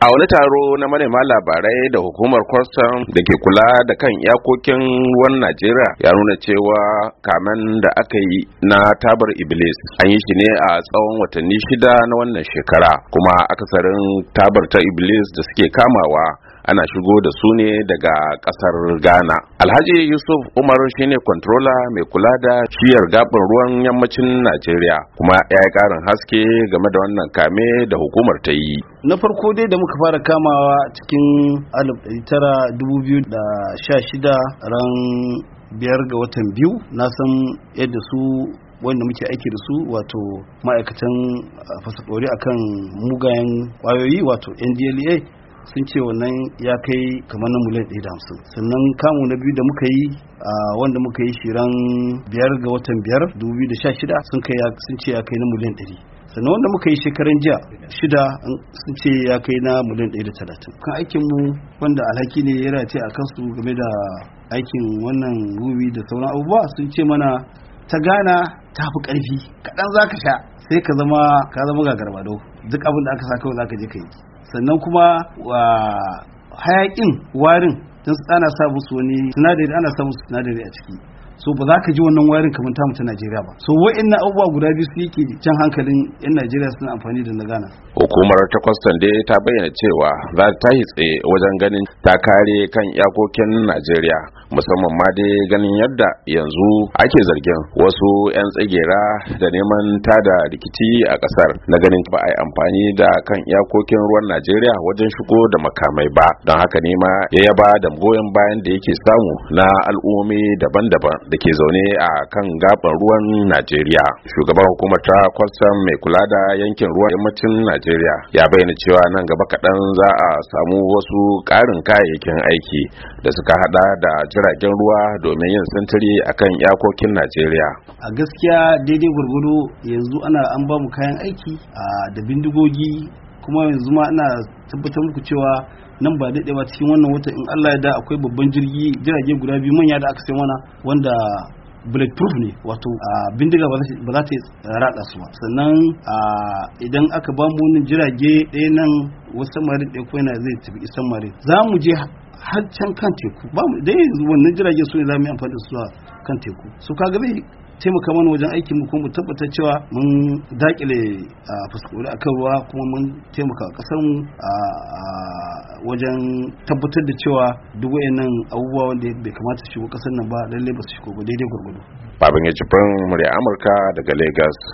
a wani taro na manema labarai da hukumar kwastam da ke kula da kan iyakokin ruwan najeriya ya nuna cewa kamen da aka yi na tabar iblis an yi shi ne a tsawon watanni shida na wannan shekara kuma akasarin tabar ta iblis da suke kamawa ana shigo da su ne daga kasar ghana alhaji yusuf umar shine kontrola mai kula da shiyar gabin ruwan yammacin najeriya kuma ya yi karin haske game da wannan kame da hukumar ta yi na farko dai da muka fara kamawa cikin shida ran biyar ga watan biyu na san yadda su wanda muke aiki da su wato ma'aikatan fasa a akan mugayen kwayoyi wato ndla sun ce wannan ya kai kamar na miliyan ɗaya da hamsin sannan kamu na biyu da muka yi a wanda muka yi shiran biyar ga watan biyar dubu biyu da sha shida sun kai sun ce ya kai na miliyan ɗari sannan wanda muka yi shekaran jiya shida sun ce ya kai na miliyan ɗaya da talatin kan aikin mu wanda alhaki ne ya race a kansu game da aikin wannan rubi da sauran abubuwa sun ce mana ta gana ta fi ƙarfi kaɗan za ka sha sai ka zama ka zama gagarmado duk abin da aka sa kawai za ka je ka yi sannan kuma hayaƙin warin don ana sa musu wani sinadari ana sa musu sinadari a ciki so ba za ka ji wannan wayarin kamar ta ta Najeriya ba so na abubuwa guda biyu su yake can hankalin yan Najeriya suna amfani da na hukumar ta kwastan dai ta bayyana cewa za ta yi tsaye wajen ganin ta kare kan iyakokin Najeriya musamman ma dai ganin yadda yanzu ake zargin wasu 'yan tsagera da neman tada rikici a kasar na ganin ba a yi amfani da kan iyakokin ruwan Najeriya wajen shigo da makamai ba don haka ne ma ya yaba da goyon bayan da yake samu na al'ummi daban-daban da ke zaune a kan gaban ruwan Najeriya. Shugaban hukumar ta kwastam mai kula da yankin ruwan yammacin Najeriya ya bayyana cewa nan gaba kaɗan za a samu wasu ƙarin kayayyakin aiki da suka haɗa da jiragen ruwa domin yin sintiri a kan iyakokin Najeriya. A gaskiya daidai gwargwado yanzu ana an ba mu kayan aiki da bindigogi kuma yanzu ma ana tabbatar muku cewa nan ba da ba cikin wannan wata in Allah ya da akwai babban jirgi jirage guda biyu manya da aka sai mana wanda bulletproof ne wato bindiga ba za ta rada su ba sannan idan aka ba mu wani jirage ɗaya nan wasu marin ɗaya kuma zai tafi isan marin za mu je har can kan teku ba mu dai wannan jirage su ne za mu yi amfani da su kan teku su kaga zai taimaka mana wajen aikin mu kuma mu tabbata cewa mun dakile fuskuri akan ruwa kuma mun taimaka kasar mu a wajen tabbatar da cewa duk wayannan abubuwa wanda bai kamata su shigo kasar nan ba lallai ba su shigo ba daidai gwargwado. Babin ya jibrin murya Amurka daga Lagos.